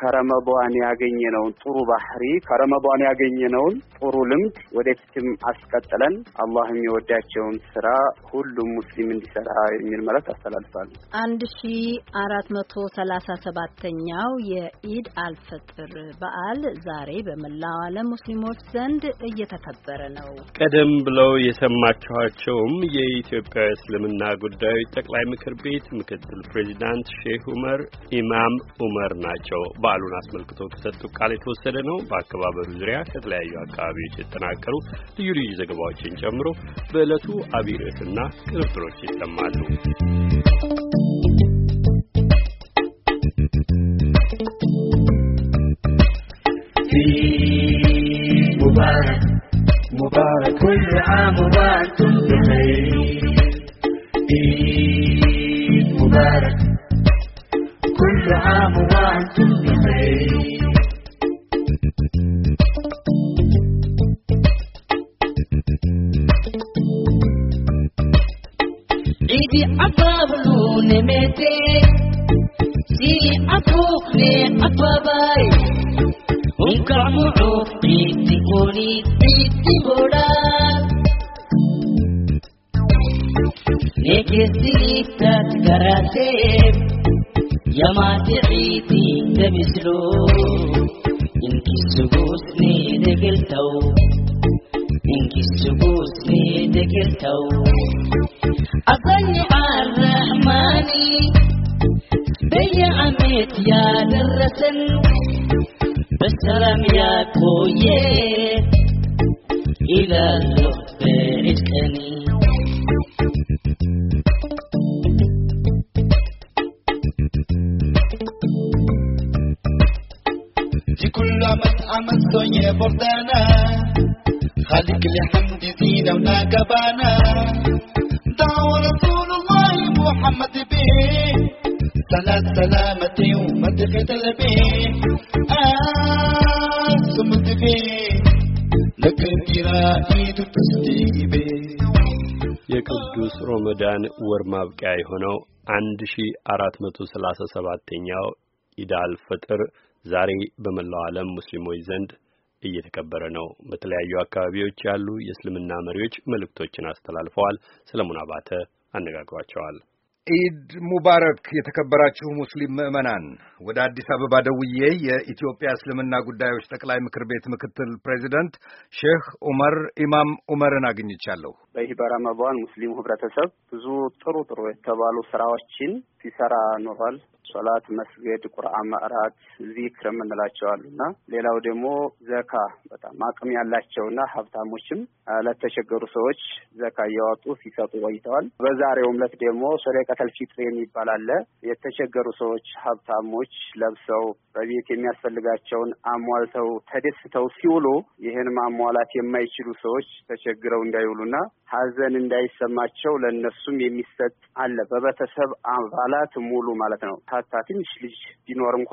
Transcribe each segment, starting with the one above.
ከረመቧን ያገኘነውን ጥሩ ባህሪ ከረመቧን ያገኘነውን ጥሩ ልምድ ወደፊትም አስቀጥለን አላህ የሚወዳቸውን ስራ ሁሉም ሙስሊም እንዲሰራ የሚል መልእክት አስተላልፋለሁ። አንድ ሺ አራት መቶ ሰላሳ ሰባተኛው የኢድ አልፈጥር በዓል ዛሬ በመላው ዓለም ሙስሊሞች ዘንድ እየተከበረ ነው። ቀደም ብለው የሰማችኋቸውም የኢትዮጵያ እስልምና ጉዳዮች ጠቅላይ ምክር ቤት ምክትል ፕሬዚዳንት ሼህ ኡመር ኢማም ኡመር ናቸው። በዓሉን አስመልክቶ ከሰጡ ቃል የተወሰደ ነው። በአከባበሩ ዙሪያ ከተለያዩ አካባቢዎች የተጠናቀሩ ልዩ ልዩ ዘገባዎችን ጨምሮ በዕለቱ አብይ ርዕስና ቅንብሮች ይሰማሉ። ሙባረክ ሙባረክ ኩል ዓም ወአንቱም ብኸይር ኢድ ሙባረክ ኩል ዓም You. ተው አፈኝ አረሕማኒ በየዓመት ያደረሰን በሰላም ያቆየን ወር ማብቂያ የሆነው 1437ኛው ኢዳል ፈጥር ዛሬ በመላው ዓለም ሙስሊሞች ዘንድ እየተከበረ ነው። በተለያዩ አካባቢዎች ያሉ የእስልምና መሪዎች መልእክቶችን አስተላልፈዋል። ሰለሞን አባተ አነጋግሯቸዋል። ኢድ ሙባረክ የተከበራችሁ ሙስሊም ምዕመናን። ወደ አዲስ አበባ ደውዬ የኢትዮጵያ እስልምና ጉዳዮች ጠቅላይ ምክር ቤት ምክትል ፕሬዚደንት ሼህ ዑመር ኢማም ዑመርን አግኝቻለሁ። በይህ በረመዷን ሙስሊሙ ህብረተሰብ ብዙ ጥሩ ጥሩ የተባሉ ስራዎችን ሲሰራ ኖሯል። ሶላት፣ መስገድ፣ ቁርአን መዕራት፣ ዚክር የምንላቸው አሉና ሌላው ደግሞ ዘካ በጣም አቅም ያላቸውና ሀብታሞችም ለተቸገሩ ሰዎች ዘካ እያወጡ ሲሰጡ ቆይተዋል። በዛሬው ዕለት ደግሞ ሶደቃ ዘቀተል ፊጥር የሚባል አለ። የተቸገሩ ሰዎች ሀብታሞች ለብሰው በቤት የሚያስፈልጋቸውን አሟልተው ተደስተው ሲውሉ ይህን ማሟላት የማይችሉ ሰዎች ተቸግረው እንዳይውሉና ሀዘን እንዳይሰማቸው ለእነሱም የሚሰጥ አለ። በቤተሰብ አባላት ሙሉ ማለት ነው። ታታ ትንሽ ልጅ ቢኖር እንኳ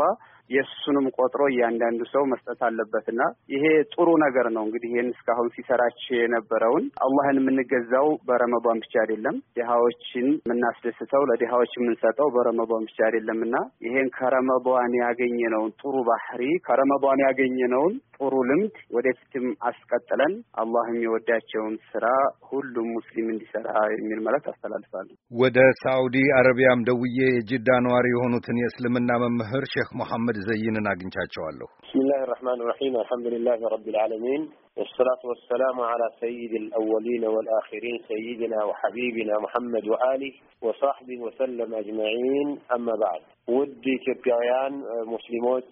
የእሱንም ቆጥሮ እያንዳንዱ ሰው መስጠት አለበት ና ይሄ ጥሩ ነገር ነው። እንግዲህ ይህን እስካሁን ሲሰራች የነበረውን አላህን የምንገዛው በረመቧን ብቻ አይደለም። ድሃዎችን የምናስደስተው ለድሃዎች የምንሰጠው በረመቧን ብቻ አይደለም እና ይሄን ከረመቧን ያገኘነውን ጥሩ ባህሪ ከረመቧን ያገኘነውን ጥሩ ልምድ ወደፊትም አስቀጥለን አላህ የሚወዳቸውን ስራ ሁሉም ሙስሊም እንዲሰራ የሚል መልዕክት አስተላልፋለሁ። ወደ ሳዑዲ አረቢያም ደውዬ የጅዳ ነዋሪ የሆኑትን የእስልምና መምህር ሼክ መሐመድ ዘይንን አግኝቻቸዋለሁ። ብስሚላህ ራህማን ራሒም አልሐምዱሊላህ ረቢልዓለሚን والصلاة والسلام على سيد الأولين والآخرين سيدنا وحبيبنا محمد وآله وصحبه وسلم أجمعين أما بعد ودي كبيان مسلموت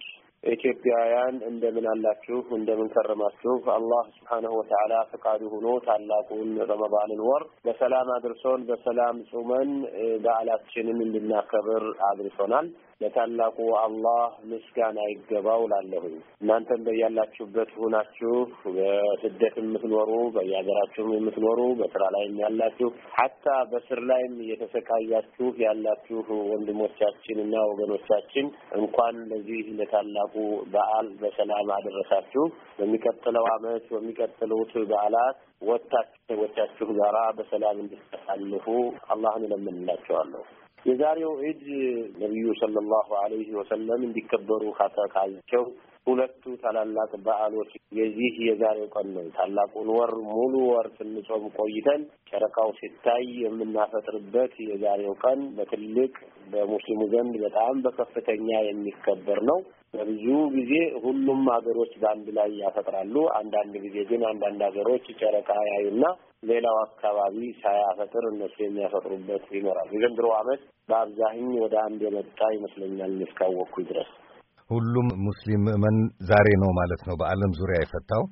ኢትዮጵያውያን እንደምን አላችሁ? እንደምን ከረማችሁ? አላህ ስብሓነሁ ወተዓላ ፈቃዱ ሆኖ ታላቁን ረመዳንን ወር በሰላም አድርሶን በሰላም ጾመን በዓላችንን እንድናከብር አድርሶናል። ለታላቁ አላህ ምስጋና ይገባው ላለሁኝ። እናንተም በያላችሁበት ሁናችሁ በስደት የምትኖሩ በየሀገራችሁም የምትኖሩ በስራ ላይም ያላችሁ ሀታ በስር ላይም እየተሰቃያችሁ ያላችሁ ወንድሞቻችን እና ወገኖቻችን እንኳን ለዚህ ለታላቁ በዓል በሰላም አደረሳችሁ። በሚቀጥለው አመት በሚቀጥሉት በዓላት ወታችሁ ሰዎቻችሁ ጋራ በሰላም እንድታሳልፉ አላህን እለምንላችኋለሁ። የዛሬው ዒድ ነቢዩ ሰለላሁ አለይህ ወሰለም እንዲከበሩ ካተካቸው ሁለቱ ታላላቅ በዓሎች የዚህ የዛሬው ቀን ነው። ታላቁን ወር ሙሉ ወር ስንጾም ቆይተን ጨረቃው ሲታይ የምናፈጥርበት የዛሬው ቀን በትልቅ በሙስሊሙ ዘንድ በጣም በከፍተኛ የሚከበር ነው። በብዙ ጊዜ ሁሉም ሀገሮች በአንድ ላይ ያፈጥራሉ። አንዳንድ ጊዜ ግን አንዳንድ ሀገሮች ጨረቃ ያዩና ሌላው አካባቢ ሳያፈጥር እነሱ የሚያፈጥሩበት ይኖራል። የዘንድሮ ዓመት በአብዛኝ ወደ አንድ የመጣ ይመስለኛል እስካወቅኩኝ ድረስ። ሁሉም ሙስሊም ምዕመን ዛሬ ነው ማለት ነው በዓለም ዙሪያ የፈታው።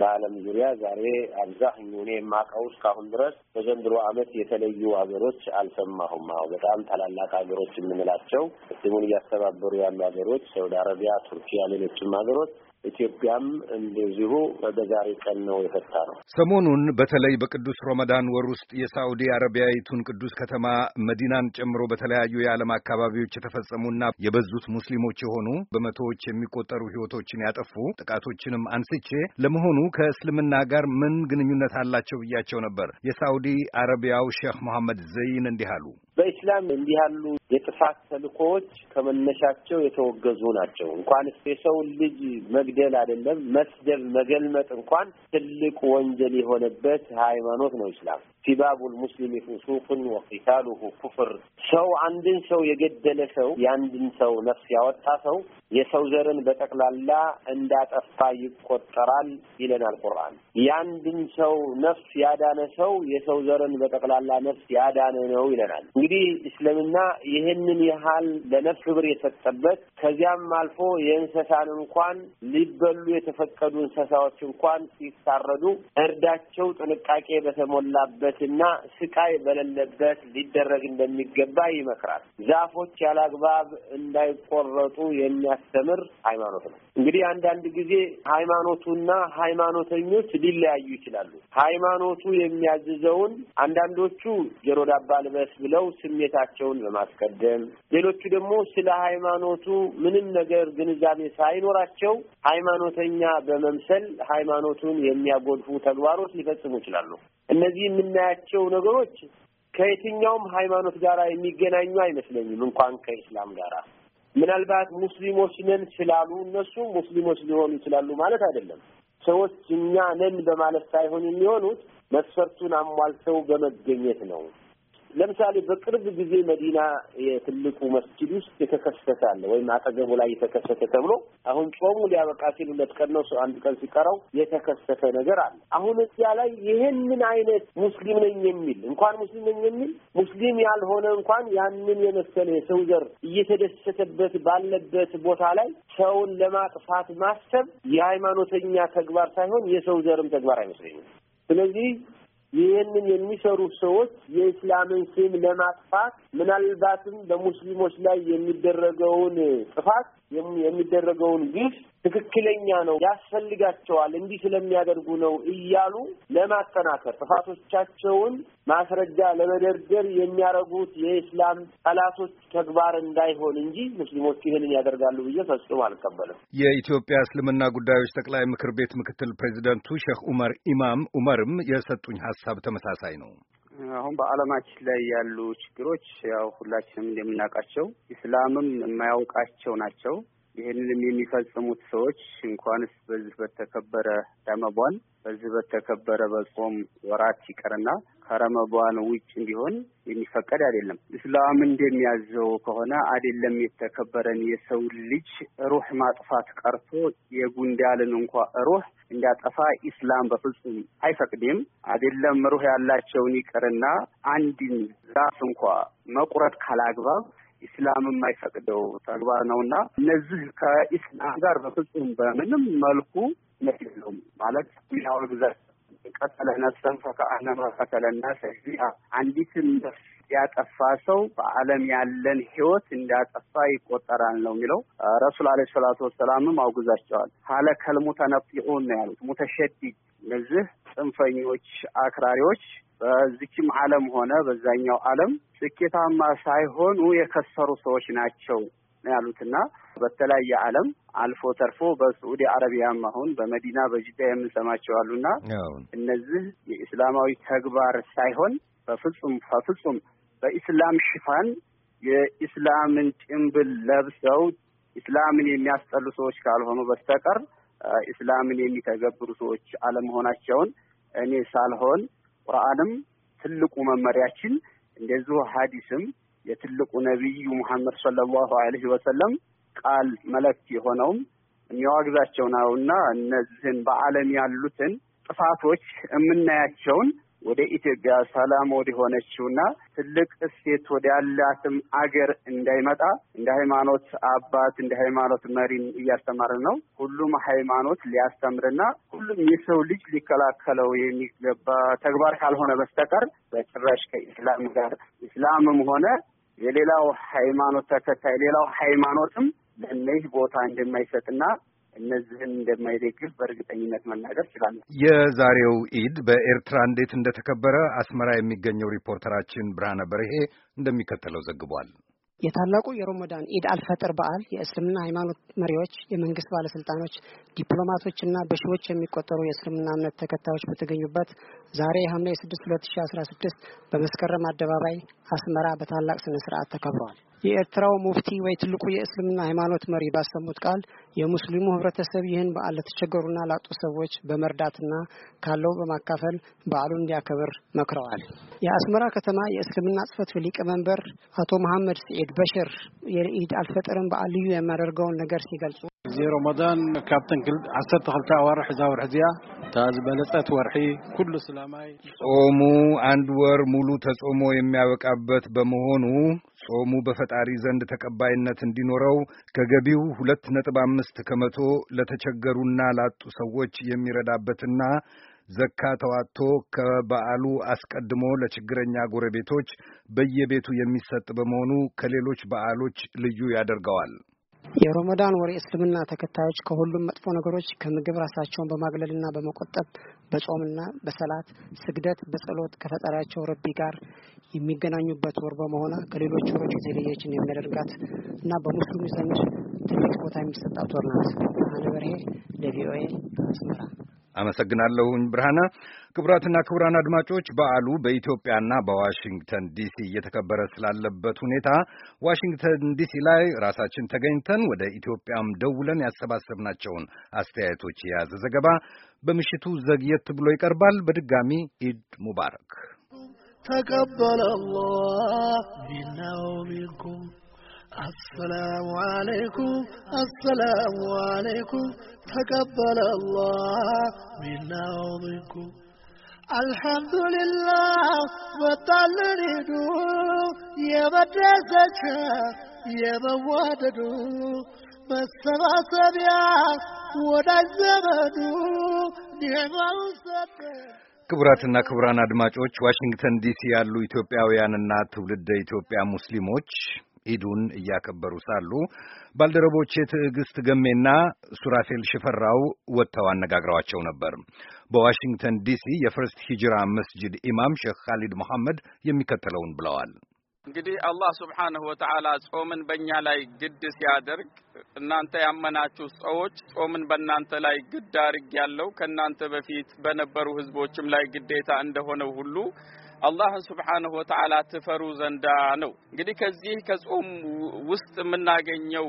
በዓለም ዙሪያ ዛሬ አብዛኛው እኔ የማውቀው እስካሁን ድረስ በዘንድሮ ዓመት የተለዩ ሀገሮች አልሰማሁም። አዎ በጣም ታላላቅ ሀገሮች የምንላቸው ሙስሊሙን እያስተባበሩ ያሉ ሀገሮች ሳውዲ አረቢያ፣ ቱርኪያ፣ ሌሎችም ሀገሮች ኢትዮጵያም እንደዚሁ በዛሬ ቀን ነው የፈታ ነው። ሰሞኑን በተለይ በቅዱስ ሮመዳን ወር ውስጥ የሳዑዲ አረቢያዊቱን ቅዱስ ከተማ መዲናን ጨምሮ በተለያዩ የዓለም አካባቢዎች የተፈጸሙና የበዙት ሙስሊሞች የሆኑ በመቶዎች የሚቆጠሩ ሕይወቶችን ያጠፉ ጥቃቶችንም አንስቼ ለመሆኑ ከእስልምና ጋር ምን ግንኙነት አላቸው ብያቸው ነበር። የሳዑዲ አረቢያው ሼህ መሐመድ ዘይን እንዲህ አሉ። በኢስላም እንዲህ ያሉ የጥፋት ተልኮዎች ከመነሻቸው የተወገዙ ናቸው። እንኳን የሰውን ልጅ መግደል አይደለም መስደብ፣ መገልመጥ እንኳን ትልቅ ወንጀል የሆነበት ሃይማኖት ነው ኢስላም። ሲባቡ ልሙስሊም ፉሱቅን ወቂታሉሁ ኩፍር። ሰው አንድን ሰው የገደለ ሰው የአንድን ሰው ነፍስ ያወጣ ሰው የሰው ዘርን በጠቅላላ እንዳጠፋ ይቆጠራል ይለናል ቁርአን። የአንድን ሰው ነፍስ ያዳነ ሰው የሰው ዘርን በጠቅላላ ነፍስ ያዳነ ነው ይለናል። እንግዲህ እስልምና ይህንን ያህል ለነፍስ ክብር የሰጠበት ከዚያም አልፎ የእንስሳን እንኳን ሊበሉ የተፈቀዱ እንስሳዎች እንኳን ሲታረዱ እርዳቸው ጥንቃቄ በተሞላበትና ስቃይ በሌለበት ሊደረግ እንደሚገባ ይመክራል። ዛፎች ያለ አግባብ እንዳይቆረጡ የሚያስተምር ሃይማኖት ነው። እንግዲህ አንዳንድ ጊዜ ሃይማኖቱና ሃይማኖተኞች ሊለያዩ ይችላሉ። ሃይማኖቱ የሚያዝዘውን አንዳንዶቹ ጆሮ ዳባ ልበስ ብለው ስሜታቸውን በማስቀደም ሌሎቹ ደግሞ ስለ ሃይማኖቱ ምንም ነገር ግንዛቤ ሳይኖራቸው ሃይማኖተኛ በመምሰል ሃይማኖቱን የሚያጎድፉ ተግባሮች ሊፈጽሙ ይችላሉ። እነዚህ የምናያቸው ነገሮች ከየትኛውም ሃይማኖት ጋር የሚገናኙ አይመስለኝም፣ እንኳን ከኢስላም ጋር። ምናልባት ሙስሊሞች ነን ስላሉ እነሱ ሙስሊሞች ሊሆኑ ይችላሉ ማለት አይደለም። ሰዎች እኛ ነን በማለት ሳይሆን የሚሆኑት መስፈርቱን አሟልተው በመገኘት ነው። ለምሳሌ በቅርብ ጊዜ መዲና የትልቁ መስጂድ ውስጥ የተከሰተ አለ ወይም አጠገቡ ላይ የተከሰተ ተብሎ አሁን ጾሙ ሊያበቃ ሲል ሁለት ቀን ነው አንድ ቀን ሲቀረው የተከሰተ ነገር አለ። አሁን እዚያ ላይ ይህንን አይነት ሙስሊም ነኝ የሚል እንኳን ሙስሊም ነኝ የሚል ሙስሊም ያልሆነ እንኳን ያንን የመሰለ የሰው ዘር እየተደሰተበት ባለበት ቦታ ላይ ሰውን ለማጥፋት ማሰብ የሃይማኖተኛ ተግባር ሳይሆን የሰው ዘርም ተግባር አይመስለኝም። ስለዚህ ይህንን የሚሰሩ ሰዎች የኢስላምን ስም ለማጥፋት ምናልባትም በሙስሊሞች ላይ የሚደረገውን ጥፋት የሚደረገውን ግፍ ትክክለኛ ነው፣ ያስፈልጋቸዋል፣ እንዲህ ስለሚያደርጉ ነው እያሉ ለማጠናከር ጥፋቶቻቸውን ማስረጃ ለመደርደር የሚያደርጉት የኢስላም ጠላቶች ተግባር እንዳይሆን እንጂ ሙስሊሞች ይህንን ያደርጋሉ ብዬ ፈጽሞ አልቀበልም። የኢትዮጵያ እስልምና ጉዳዮች ጠቅላይ ምክር ቤት ምክትል ፕሬዚደንቱ ሼክ ኡመር ኢማም ኡመርም የሰጡኝ ሀሳብ ተመሳሳይ ነው። አሁን በዓለማችን ላይ ያሉ ችግሮች ያው ሁላችንም እንደምናውቃቸው ኢስላምም የማያውቃቸው ናቸው። ይህንንም የሚፈጽሙት ሰዎች እንኳንስ በዚህ በተከበረ ረመቧን በዚህ በተከበረ በጾም ወራት ይቀርና ከረመቧን ውጭ እንዲሆን የሚፈቀድ አይደለም። እስላም እንደሚያዘው ከሆነ አይደለም የተከበረን የሰው ልጅ ሩህ ማጥፋት ቀርቶ የጉንዳልን እንኳ ሩህ እንዳጠፋ ኢስላም በፍጹም አይፈቅድም። አይደለም ሩህ ያላቸውን ይቅርና አንድን ዛፍ እንኳ መቁረጥ ካላግባብ ኢስላም የማይፈቅደው ተግባር ነው እና እነዚህ ከኢስላም ጋር በፍጹም በምንም መልኩ የለውም ማለት ሚናው ግዛት ቀተለ ነፍሰን ፈከአነማ ቀተለ ናሰ አንዲትን ነፍስ ያጠፋ ሰው በዓለም ያለን ህይወት እንዳጠፋ ይቆጠራል ነው የሚለው። ረሱል አለ ሰላቱ ወሰላምም አውግዛቸዋል። ሀለከል ሙተነጢዑን ነው ያሉት። ሙተሸዲድ እነዚህ ጽንፈኞች፣ አክራሪዎች በዚችም ዓለም ሆነ በዛኛው ዓለም ስኬታማ ሳይሆኑ የከሰሩ ሰዎች ናቸው ያሉትና በተለያየ ዓለም አልፎ ተርፎ በስዑዲ አረቢያም አሁን በመዲና በጅዳ የምንሰማቸው አሉና እነዚህ የኢስላማዊ ተግባር ሳይሆን በፍጹም በፍጹም በኢስላም ሽፋን የኢስላምን ጭንብል ለብሰው ኢስላምን የሚያስጠሉ ሰዎች ካልሆኑ በስተቀር ኢስላምን የሚተገብሩ ሰዎች አለመሆናቸውን እኔ ሳልሆን ቁርአንም ትልቁ መመሪያችን እንደዚሁ ሀዲስም የትልቁ ነቢዩ ሙሐመድ ሰለላሁ አለህ ወሰለም ቃል መለክ የሆነውም የሚያዋግዛቸው ነውና እነዚህን በዓለም ያሉትን ጥፋቶች የምናያቸውን ወደ ኢትዮጵያ ሰላም ወደ ሆነችውና ትልቅ እሴት ወደ ያላትም አገር እንዳይመጣ እንደ ሃይማኖት አባት እንደ ሃይማኖት መሪን እያስተማርን ነው። ሁሉም ሃይማኖት ሊያስተምርና ሁሉም የሰው ልጅ ሊከላከለው የሚገባ ተግባር ካልሆነ በስተቀር በጭራሽ ከኢስላም ጋር ኢስላምም ሆነ የሌላው ሃይማኖት ተከታይ ሌላው ሃይማኖትም ለእነዚህ ቦታ እንደማይሰጥና እነዚህን እንደማይደግፍ በእርግጠኝነት መናገር እችላለሁ። የዛሬው ኢድ በኤርትራ እንዴት እንደተከበረ አስመራ የሚገኘው ሪፖርተራችን ብርሃነ በርሄ እንደሚከተለው ዘግቧል። የታላቁ የሮመዳን ኢድ አልፈጥር በዓል የእስልምና ሃይማኖት መሪዎች፣ የመንግስት ባለስልጣኖች፣ ዲፕሎማቶች እና በሺዎች የሚቆጠሩ የእስልምና እምነት ተከታዮች በተገኙበት ዛሬ ሐምሌ ስድስት ሁለት ሺ አስራ ስድስት በመስከረም አደባባይ አስመራ በታላቅ ስነ ስርዓት ተከብረዋል። የኤርትራው ሙፍቲ ወይ ትልቁ የእስልምና ሃይማኖት መሪ ባሰሙት ቃል የሙስሊሙ ህብረተሰብ ይህን በዓል ለተቸገሩና ላጡ ሰዎች በመርዳትና ካለው በማካፈል በዓሉን እንዲያከብር መክረዋል። የአስመራ ከተማ የእስልምና ጽሕፈት ቤት ሊቀመንበር አቶ መሐመድ ስዒድ በሽር የኢድ አልፈጥርን በዓል ልዩ የሚያደርገውን ነገር ሲገልጹ እዚ ረመዳን ካብተን ዓሰርተ ክልተ ኣዋርሒ እዛ ወርሒ እዚኣ እታ ዝበለፀት ወርሒ ኩሉ ስላማይ ጾሙ አንድ ወር ሙሉ ተጾሞ የሚያበቃበት በመሆኑ ጾሙ በፈጣሪ ዘንድ ተቀባይነት እንዲኖረው ከገቢው ሁለት ነጥብ አምስት ከመቶ ለተቸገሩና ላጡ ሰዎች የሚረዳበትና ዘካ ተዋጥቶ ከበዓሉ አስቀድሞ ለችግረኛ ጎረቤቶች በየቤቱ የሚሰጥ በመሆኑ ከሌሎች በዓሎች ልዩ ያደርገዋል። የሮመዳን ወር እስልምና ተከታዮች ከሁሉም መጥፎ ነገሮች ከምግብ ራሳቸውን በማግለልና በመቆጠብ በጾምና በሰላት ስግደት፣ በጸሎት ከፈጣሪያቸው ረቢ ጋር የሚገናኙበት ወር በመሆኗ ከሌሎች ወሮች የተለየችን የሚያደርጋት እና በሙስሊሙ ዘንድ ትልቅ ቦታ የሚሰጣት ወር ናት። አነ ለቪኦኤ አስመራ አመሰግናለሁኝ ብርሃነ። ክቡራትና ክቡራን አድማጮች በዓሉ በኢትዮጵያና በዋሽንግተን ዲሲ እየተከበረ ስላለበት ሁኔታ ዋሽንግተን ዲሲ ላይ ራሳችን ተገኝተን ወደ ኢትዮጵያም ደውለን ያሰባሰብናቸውን አስተያየቶች የያዘ ዘገባ በምሽቱ ዘግየት ብሎ ይቀርባል። በድጋሚ ኢድ ሙባረክ ተቀበለ አሰላሙ አለይኩም አሰላሙ አለይኩም ተቀበለ አላህ ሚና ክቡራን አድማጮች ዋሽንግተን ዲሲ ያሉ ኢትዮጵያውያንና ትውልደ ኢትዮጵያ ሙስሊሞች ኢዱን እያከበሩ ሳሉ ባልደረቦቼ ትዕግስት ገሜና ሱራፌል ሽፈራው ወጥተው አነጋግረዋቸው ነበር። በዋሽንግተን ዲሲ የፈርስት ሂጅራ መስጅድ ኢማም ሼክ ካሊድ መሐመድ የሚከተለውን ብለዋል። እንግዲህ አላህ ስብሓንሁ ወተዓላ ጾምን በእኛ ላይ ግድ ሲያደርግ እናንተ ያመናችሁ ሰዎች ጾምን በእናንተ ላይ ግድ አድርግ ያለው ከእናንተ በፊት በነበሩ ህዝቦችም ላይ ግዴታ እንደሆነው ሁሉ አላህን ስብሓንሁ ወተዓላ ትፈሩ ዘንዳ ነው። እንግዲህ ከዚህ ከጾም ውስጥ የምናገኘው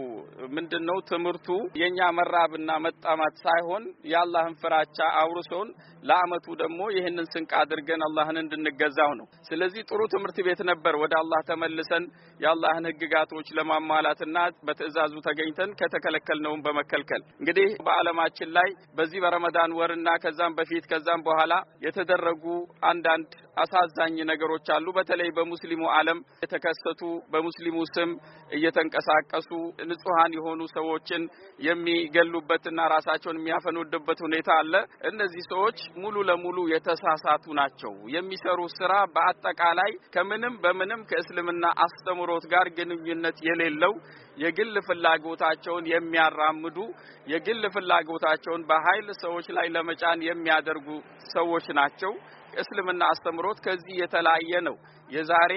ምንድን ነው? ትምህርቱ የእኛ መራብና መጣማት ሳይሆን የአላህን ፍራቻ አውርሶን ለአመቱ ደግሞ ይህንን ስንቅ አድርገን አላህን እንድንገዛው ነው። ስለዚህ ጥሩ ትምህርት ቤት ነበር። ወደ አላህ ተመልሰን የአላህን ህግጋቶች ለማሟላትና በትዕዛዙ ተገኝተን ከተከለከልነውን በመከልከል እንግዲህ በዓለማችን ላይ በዚህ በረመዳን ወርና ከዛም በፊት ከዛም በኋላ የተደረጉ አንዳንድ አሳዛኝ ነገሮች አሉ። በተለይ በሙስሊሙ ዓለም የተከሰቱ በሙስሊሙ ስም እየተንቀሳቀሱ ንጹሐን የሆኑ ሰዎችን የሚገሉበትና ራሳቸውን የሚያፈኑድበት ሁኔታ አለ። እነዚህ ሰዎች ሙሉ ለሙሉ የተሳሳቱ ናቸው። የሚሰሩ ስራ በአጠቃላይ ከምንም በምንም ከእስልምና አስተምሮት ጋር ግንኙነት የሌለው የግል ፍላጎታቸውን የሚያራምዱ የግል ፍላጎታቸውን በኃይል ሰዎች ላይ ለመጫን የሚያደርጉ ሰዎች ናቸው። እስልምና አስተምሮት ከዚህ የተለያየ ነው። የዛሬ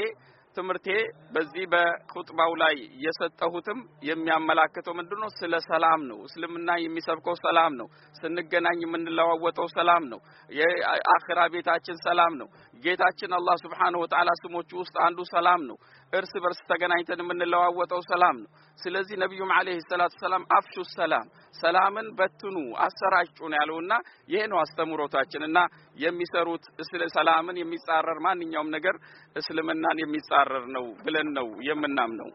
ትምህርቴ በዚህ በኹጥባው ላይ የሰጠሁትም የሚያመላክተው ምንድነው? ስለ ሰላም ነው። እስልምና የሚሰብከው ሰላም ነው። ስንገናኝ የምንለዋወጠው ሰላም ነው። የአኽራ ቤታችን ሰላም ነው። ጌታችን አላህ ስብሓንሁ ወተዓላ ስሞቹ ውስጥ አንዱ ሰላም ነው። እርስ በርስ ተገናኝተን የምንለዋወጠው ሰላም ነው። ስለዚህ ነቢዩም አለይሂ ሰላቱ ሰላም አፍሹ ሰላም ሰላምን በትኑ አሰራጩ ነው ያለውና ይሄ ነው አስተምሮታችን እና የሚሰሩት ሰላምን የሚጻረር ማንኛውም ነገር እስልምናን የሚጻረር ነው ብለን ነው የምናምነው።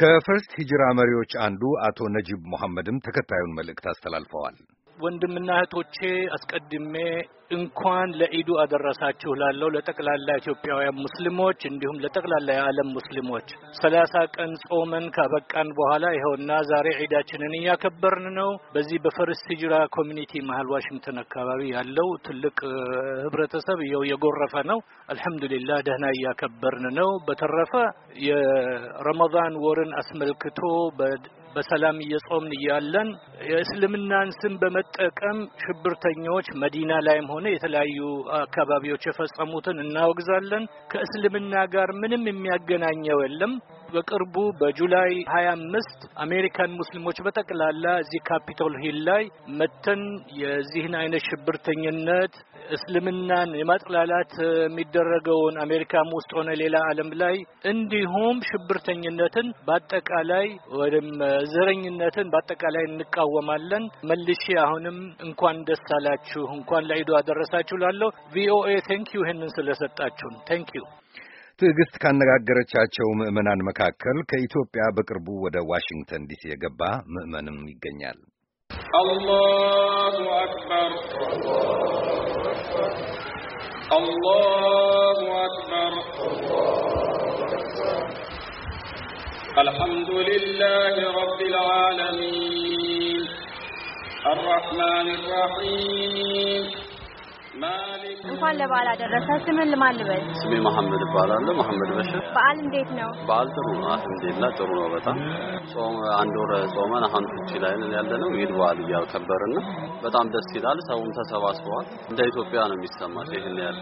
ከፈርስት ሂጅራ መሪዎች አንዱ አቶ ነጂብ መሐመድም ተከታዩን መልእክት አስተላልፈዋል። ወንድምና እህቶቼ አስቀድሜ እንኳን ለኢዱ አደረሳችሁ ላለው ለጠቅላላ ኢትዮጵያውያን ሙስሊሞች እንዲሁም ለጠቅላላ የዓለም ሙስሊሞች ሰላሳ ቀን ጾመን ካበቃን በኋላ ይኸውና ዛሬ ዒዳችንን እያከበርን ነው። በዚህ በፈርስት ሂጅራ ኮሚኒቲ መሀል ዋሽንግተን አካባቢ ያለው ትልቅ ህብረተሰብ ይኸው የጎረፈ ነው። አልሐምዱሊላህ ደህና እያከበርን ነው። በተረፈ የረመዳን ወርን አስመልክቶ በሰላም እየጾምን እያለን የእስልምናን ስም በመጠቀም ሽብርተኞች መዲና ላይም ሆነ የተለያዩ አካባቢዎች የፈጸሙትን እናወግዛለን። ከእስልምና ጋር ምንም የሚያገናኘው የለም። በቅርቡ በጁላይ 25 አሜሪካን ሙስሊሞች በጠቅላላ እዚህ ካፒቶል ሂል ላይ መተን የዚህን አይነት ሽብርተኝነት እስልምናን የማጥላላት የሚደረገውን አሜሪካም ውስጥ ሆነ ሌላ ዓለም ላይ እንዲሁም ሽብርተኝነትን በአጠቃላይ ወይም ዘረኝነትን በአጠቃላይ እንቃወማለን። መልሼ አሁንም እንኳን ደስ አላችሁ፣ እንኳን ለኢዱ አደረሳችሁ ላለሁ ቪኦኤ ቴንኪዩ ይህንን ስለሰጣችሁን ቴንኪዩ። ትዕግስት ካነጋገረቻቸው ምዕመናን መካከል ከኢትዮጵያ በቅርቡ ወደ ዋሽንግተን ዲሲ የገባ ምዕመንም ይገኛል። አላሁ አክበር አላሁ አክበር الحمد لله رب العالمين الرحمن الرحيم እንኳን ለበዓል አደረሰ። ስምን ልማን ስሜ መሐመድ እባላለሁ። መሐመድ በሽር። በዓል እንዴት ነው? በዓል ጥሩ ነው። አልሐምዱሊላህ ጥሩ ነው በጣም ጾም አንድ ወር ጾመን አሁን ፍቺ ላይ ነን ያለ ነው። ኢድ በዓል እያከበርን በጣም ደስ ይላል። ሰውም ተሰባስበዋል። እንደ ኢትዮጵያ ነው የሚሰማት ይሄን ያህል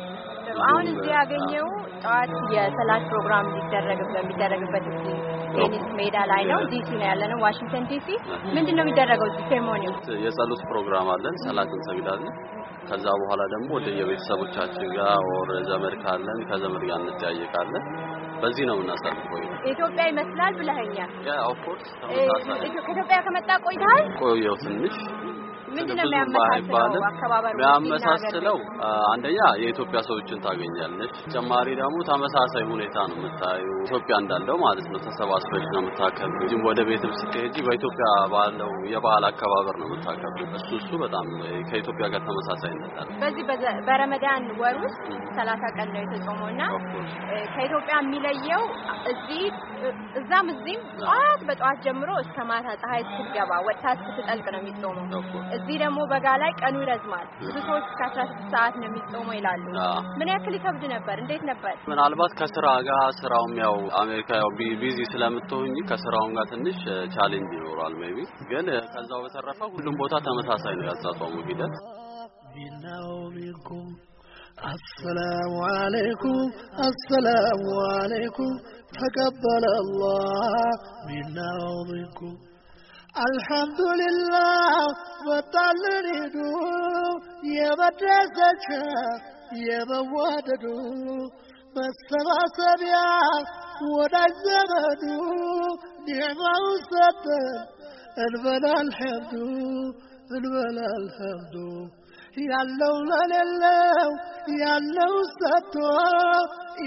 አሁን እዚህ ያገኘው ጠዋት የሰላት ፕሮግራም ሊደረግ በሚደረግበት እዚህ ቴኒስ ሜዳ ላይ ነው። ዲሲ ነው ያለነው፣ ዋሽንግተን ዲሲ። ምንድን ነው የሚደረገው እዚህ ሴሬሞኒው? የጸሎት ፕሮግራም አለን። ሰላት እንሰግዳለን። ከዛ በኋላ ደግሞ ወደ የቤተሰቦቻችን ጋር ወር ዘመድ ካለን ከዘመድ ጋር እንጠያየቃለን። በዚህ ነው እናሳልፈው። ኢትዮጵያ ይመስላል ብለኸኛል። ያ ኦፍ ኮርስ ከኢትዮጵያ ከመጣ ቆይተሃል? ቆየሁ ትንሽ ብዙም ባይባልም የሚያመሳስለው አንደኛ የኢትዮጵያ ሰዎችን ታገኛለች። ተጨማሪ ደግሞ ተመሳሳይ ሁኔታ ነው የምታዩ ኢትዮጵያ እንዳለው ማለት ነው። ተሰባስበሽ ነው የምታከብሩ። እዚህም ወደ ቤትም ስትሄጂ በኢትዮጵያ ባለው የባህል አከባበር ነው የምታከብሩ። እሱ እሱ በጣም ከኢትዮጵያ ጋር ተመሳሳይነት አለ። በዚህ በረመዳን ወር ውስጥ ሰላሳ ቀን ነው የተጾመው እና ከኢትዮጵያ የሚለየው እዚህ እዛም እዚህም ጠዋት በጠዋት ጀምሮ እስከ ማታ ፀሐይ ስትገባ ወጥታ ስትጠልቅ ነው የሚጾመው። እዚህ ደግሞ በጋ ላይ ቀኑ ይረዝማል። ብዙ ሰዎች ከአስራ 16 ሰዓት ነው የሚጾመው ይላሉ። ምን ያክል ይከብድ ነበር? እንዴት ነበር? ምናልባት ከስራ ጋር ስራውም ያው አሜሪካ ያው ቢዚ ስለምትሆኝ ከስራውም ጋር ትንሽ ቻሌንጅ ይኖራል። ሜቢ ግን ከዛው በተረፈ ሁሉም ቦታ ተመሳሳይ ነው ያጻጻሙ ሂደት አሰላሙ አለይኩም አሰላሙ አለይኩም ተቀበለ አላህ ሚና ወሚንኩም አልሐምዱሊላህ ወጣልን ሂዱ የመድረሰቻ የመዋደዱ መሰባሰቢያ ወዳጅ ዘመዱ ኒዕማው ሰጠን እንበላ አልሐምዱ እንበላ አልሐምዱ ያለው ለሌለው ያለው ሰጥቶ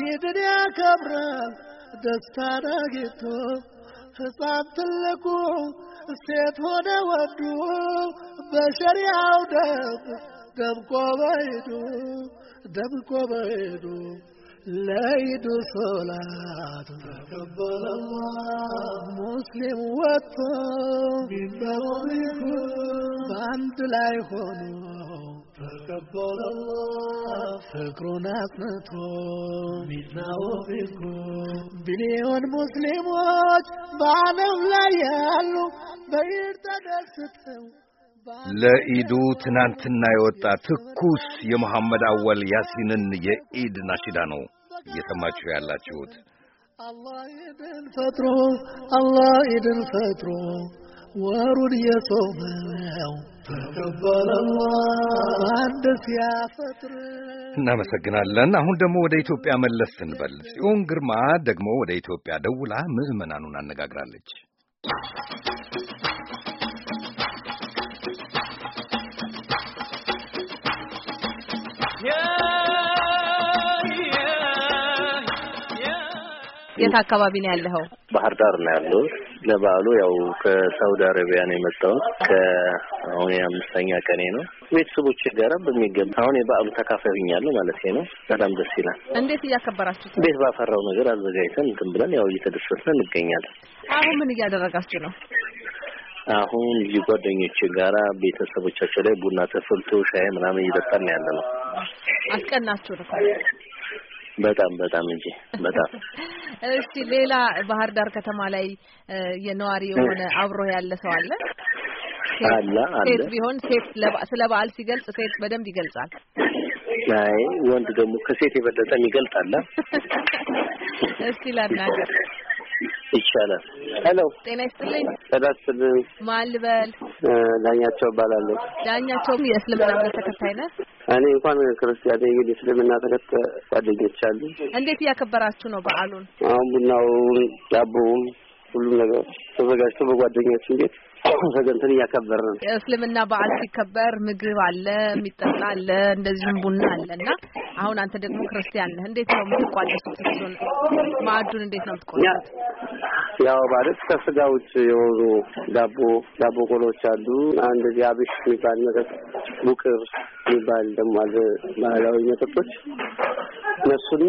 ኢድን ያከብራል ደስታ አግኝቶ ሕፃን ትልቁ ሴት ሆነ ወንዱ በሸሪያው ደም ደምቆ በይዱ ደምቆ በይዱ ለይዱ ሶላት ተቀበለላ ሙስሊም ወጥቶ ሚንበሩ በአንድ ላይ ሆኑ ተቀበለ አላህ ፍቅሩን አጽንቶ ሚናው ፊትኩ ቢሊዮን ሙስሊሞች በዓለም ላይ ያሉ በኢድ ተደስተው ለኢዱ ትናንትና የወጣ ትኩስ የመሐመድ አወል ያሲንን የኢድ ናሽዳ ነው እየሰማችሁ ያላችሁት። አላህ ኢድን ፈጥሮ አላህ ኢድን ፈጥሮ ወሩን የጾመው እናመሰግናለን። አሁን ደግሞ ወደ ኢትዮጵያ መለስ ስንበል ጽዮን ግርማ ደግሞ ወደ ኢትዮጵያ ደውላ ምዕመናኑን አነጋግራለች። የት አካባቢ ነው ያለኸው? ባህር ዳር ነው ያለሁት። ለበዓሉ ያው ከሳውዲ አረቢያ ነው የመጣሁት። ከአሁን የአምስተኛ ቀኔ ነው። ቤተሰቦች ጋራ በሚገባ አሁን የበዓሉ ተካፋይ ሆኛለሁ ማለት ነው። በጣም ደስ ይላል። እንዴት እያከበራችሁ? ቤት ባፈራው ነገር አዘጋጅተን እንትን ብለን ያው እየተደሰትን እንገኛለን። አሁን ምን እያደረጋችሁ ነው? አሁን ልጅ ጓደኞች ጋራ ቤተሰቦቻቸው ላይ ቡና ተፈልቶ ሻይ ምናምን እየጠጣን ያለ ነው። አስቀናችሁ ነው በጣም በጣም እንጂ በጣም እሺ። ሌላ ባህር ዳር ከተማ ላይ የነዋሪ የሆነ አብሮ ያለ ሰው አለ አለ አለ። ቢሆን ሴት ስለ በዓል ሲገልጽ ሴት በደንብ ይገልጻል። አይ ወንድ ደግሞ ከሴት የበለጠ ይገልጣል። እስቲ ላናገር ይቻላል። ሄሎ፣ ጤና ይስጥልኝ። ጤና ይስጥልኝ። ማን ዳኛቸው እባላለሁ። ዳኛቸውም የእስልምና እምነት ተከታይ ነህ? እኔ እንኳን ክርስቲያኑ ግን እስልምና ተከታይ ጓደኞች አሉ። እንዴት እያከበራችሁ ነው በዓሉን? አሁን ቡናውን፣ ዳቦውን ሁሉም ነገር ተዘጋጅቶ በጓደኞች እንዴት ተገንተን እያከበር ነው። እስልምና በዓል ሲከበር ምግብ አለ፣ የሚጠጣ አለ፣ እንደዚሁም ቡና አለ እና አሁን አንተ ደግሞ ክርስቲያን ነህ። እንዴት ነው የምትቋደሱት? ማዕዱን እንዴት ነው የምትቆ። ያው ማለት ከስጋ ውጭ የሆኑ ዳቦ ዳቦ ቆሎች አሉ። እንደዚህ አብሽ የሚባል መጠጥ፣ ቡቅር የሚባል ደግሞ አለ። ባህላዊ መጠጦች እነሱን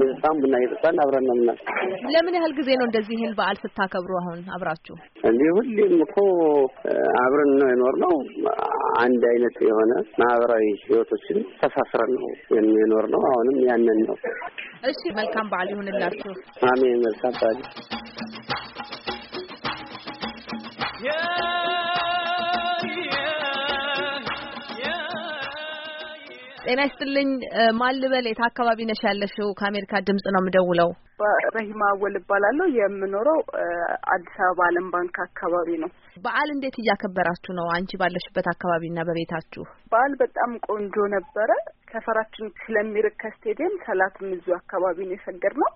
በጣም ቡና እየጠጣን አብረን ነው ምናል። ለምን ያህል ጊዜ ነው እንደዚህ ይህን በዓል ስታከብሩ አሁን አብራችሁ? እንዲህ ሁሌም እኮ አብረን ነው የኖርነው። አንድ አይነት የሆነ ማህበራዊ ህይወቶችን ተሳስረን ነው የኖርነው። አሁንም ያንን ነው። እሺ መልካም በዓል ይሁንላችሁ። አሜን። መልካም በዓል ጤና ይስጥልኝ። ማልበል የት አካባቢ ነሽ ያለሽው? ከአሜሪካ ድምጽ ነው የምደውለው። ረሂማ ወል እባላለሁ። የምኖረው አዲስ አበባ አለም ባንክ አካባቢ ነው። በዓል እንዴት እያከበራችሁ ነው አንቺ ባለሽበት አካባቢና በቤታችሁ? በዓል በጣም ቆንጆ ነበረ። ሰፈራችን ስለሚርቅ ከስቴዲየም ሰላትም እዚሁ አካባቢ ነው የሰገድ ነው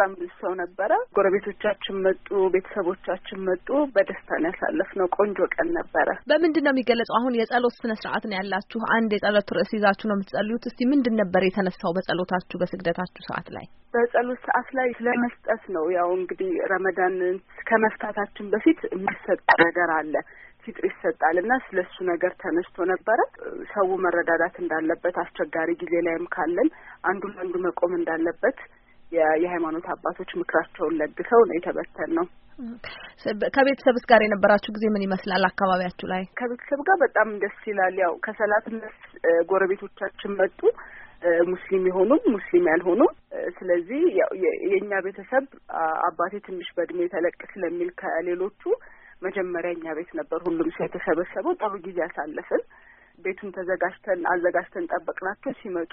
በጣም ብዙ ሰው ነበረ። ጎረቤቶቻችን መጡ፣ ቤተሰቦቻችን መጡ። በደስታን ያሳለፍነው ቆንጆ ቀን ነበረ። በምንድን ነው የሚገለጸው? አሁን የጸሎት ስነ ስርዓት ነው ያላችሁ። አንድ የጸሎት ርዕስ ይዛችሁ ነው የምትጸልዩት። እስቲ ምንድን ነበር የተነሳው በጸሎታችሁ በስግደታችሁ ሰዓት ላይ? በጸሎት ሰዓት ላይ ስለመስጠት ነው። ያው እንግዲህ ረመዳን ከመፍታታችን በፊት የሚሰጥ ነገር አለ ፊጥር ይሰጣል እና ስለ እሱ ነገር ተነስቶ ነበረ። ሰው መረዳዳት እንዳለበት አስቸጋሪ ጊዜ ላይም ካለን አንዱ ለአንዱ መቆም እንዳለበት የሃይማኖት አባቶች ምክራቸውን ለግሰው ነው የተበተን ነው። ከቤተሰብስ ጋር የነበራችሁ ጊዜ ምን ይመስላል? አካባቢያችሁ ላይ ከቤተሰብ ጋር በጣም ደስ ይላል። ያው ከሰላት መልስ ጎረቤቶቻችን መጡ፣ ሙስሊም የሆኑም ሙስሊም ያልሆኑም። ስለዚህ የእኛ ቤተሰብ አባቴ ትንሽ በእድሜ ተለቅ ስለሚል ከሌሎቹ መጀመሪያ እኛ ቤት ነበር ሁሉም ሰው የተሰበሰበው። ጥሩ ጊዜ አሳለፍን። ቤቱን ተዘጋጅተን አዘጋጅተን ጠበቅናቸው። ሲመጡ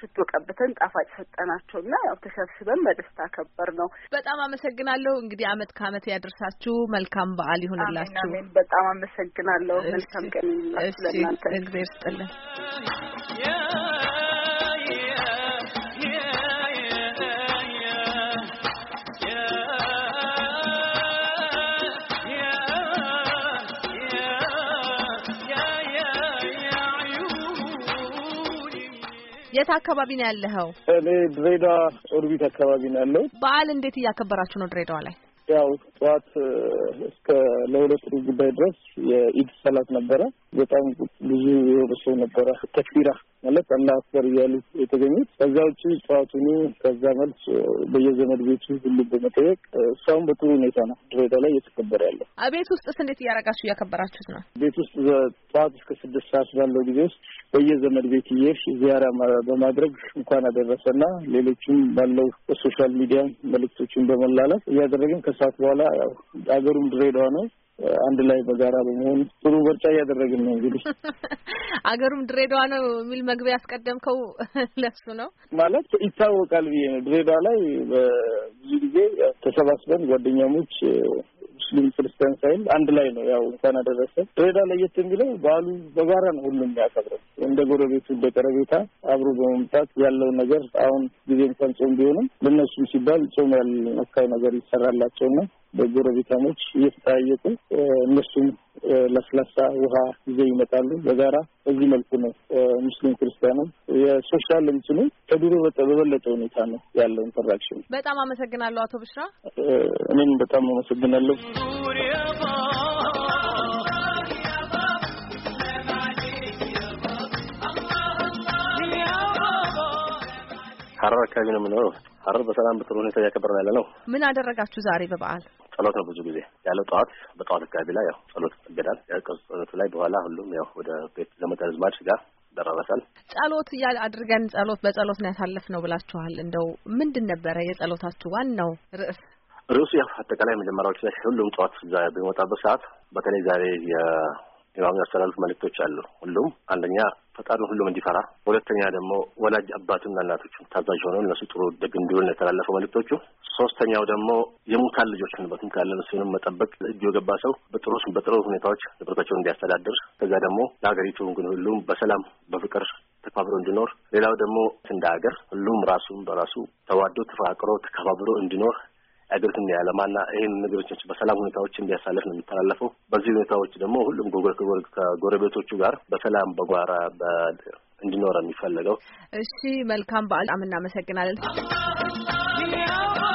ሽቶ ቀብተን ጣፋጭ ሰጠናቸው እና ያው ተሰብስበን በደስታ ከበር ነው። በጣም አመሰግናለሁ። እንግዲህ አመት ከአመት ያደርሳችሁ። መልካም በዓል ይሁንላችሁ። በጣም አመሰግናለሁ። መልካም ቀን ለእናንተ። እግዜር ስጥልን። የት አካባቢ ነው ያለኸው? እኔ ድሬዳዋ ኦርቢት አካባቢ ነው ያለው። በዓል እንዴት እያከበራችሁ ነው ድሬዳዋ ላይ? ያው ጠዋት እስከ ለሁለት ሩብ ጉዳይ ድረስ የኢድ ሰላት ነበረ። በጣም ብዙ የሆነ ሰው ነበረ። ተክቢራ ማለት አላህ አክበር እያሉ የተገኙት። ከዛ ውጭ ጠዋቱኑ ከዛ መልስ በየዘመድ ቤቱ ሁሉ በመጠየቅ እስካሁን በጥሩ ሁኔታ ነው ድሬዳዋ ላይ እየተከበረ ያለው። ቤት ውስጥስ እንዴት እያረጋችሁ እያከበራችሁት ነው? ቤት ውስጥ ጠዋት እስከ ስድስት ሰዓት ባለው ጊዜ ውስጥ በየዘመድ ቤት እየሄድሽ ዚያራ በማድረግ እንኳን አደረሰና ሌሎችም ባለው በሶሻል ሚዲያ መልእክቶችን በመላላት እያደረግን ከሰዓት በኋላ ያው አገሩም ድሬዳዋ ነው አንድ ላይ በጋራ በመሆን ጥሩ ምርጫ እያደረግን ነው። እንግዲህ አገሩም ድሬዳዋ ነው የሚል መግቢያ ያስቀደምከው ለሱ ነው ማለት ይታወቃል ብዬ ነው። ድሬዳዋ ላይ ብዙ ጊዜ ተሰባስበን ጓደኛሞች ሙስሊም ክርስቲያን ሳይል አንድ ላይ ነው። ያው እንኳን አደረሰ ድሬዳዋ ለየት የሚለው በዓሉ በጋራ ነው ሁሉም የሚያከብረው እንደ ጎረቤቱ እንደ ቀረቤታ አብሮ በመምጣት ያለውን ነገር አሁን ጊዜ እንኳን ጾም ቢሆንም ለእነሱም ሲባል ጾም ያልነካው ነገር ይሰራላቸው ነው በጎረቤታሞች እየተጠያየቁ እነሱም ለስላሳ ውሃ ይዘው ይመጣሉ። በጋራ በዚህ መልኩ ነው ሙስሊም ክርስቲያኑም የሶሻል እንትኑ ከድሮ በበለጠ ሁኔታ ነው ያለው ኢንተራክሽን። በጣም አመሰግናለሁ አቶ ብሽራ። እኔም በጣም አመሰግናለሁ። ሀረር አካባቢ ነው የምኖረው። ሀረር በሰላም በጥሩ ሁኔታ እያከበርን ያለ ነው። ምን አደረጋችሁ ዛሬ በበዓል? ጸሎት ነው ብዙ ጊዜ ያለው ጠዋት በጠዋት አካባቢ ላይ ያው ጸሎት ይገዳል። ቅርጽ ጸሎቱ ላይ በኋላ ሁሉም ያው ወደ ቤት ዘመድ አዝማድ ጋር ይደራረሳል። ጸሎት እያ አድርገን ጸሎት በጸሎት ነው ያሳለፍ ነው ብላችኋል። እንደው ምንድን ነበረ የጸሎታችሁ ዋናው ርዕስ? ርዕሱ ያው አጠቃላይ መጀመሪያዎች ላይ ሁሉም ጠዋት በሚወጣበት ሰዓት በተለይ ዛሬ የኢማሚ ያስተላልፍ መልእክቶች አሉ። ሁሉም አንደኛ ፈጣሪ ሁሉም እንዲፈራ፣ ሁለተኛ ደግሞ ወላጅ አባቱና እናቶቹ ታዛዥ ሆነው እነሱ ጥሩ ደግ እንዲሆን የተላለፈው መልእክቶቹ፣ ሶስተኛው ደግሞ የሙታን ልጆች ምንበት ካለ እሱንም መጠበቅ እጁ የገባ ሰው በጥሩ በጥሩ ሁኔታዎች ንብረታቸውን እንዲያስተዳድር፣ ከዚያ ደግሞ ለሀገሪቱ ግን ሁሉም በሰላም በፍቅር ተከባብሮ እንዲኖር፣ ሌላው ደግሞ እንደ ሀገር ሁሉም ራሱን በራሱ ተዋዶ ተፈቃቅሮ ተከባብሮ እንዲኖር አይገርትም ና ይህን ነገሮች በሰላም ሁኔታዎች እንዲያሳልፍ ነው የሚተላለፈው። በዚህ ሁኔታዎች ደግሞ ሁሉም ከጎረቤቶቹ ጋር በሰላም በጓራ እንዲኖር የሚፈለገው። እሺ፣ መልካም በዓል። በጣም እናመሰግናለን።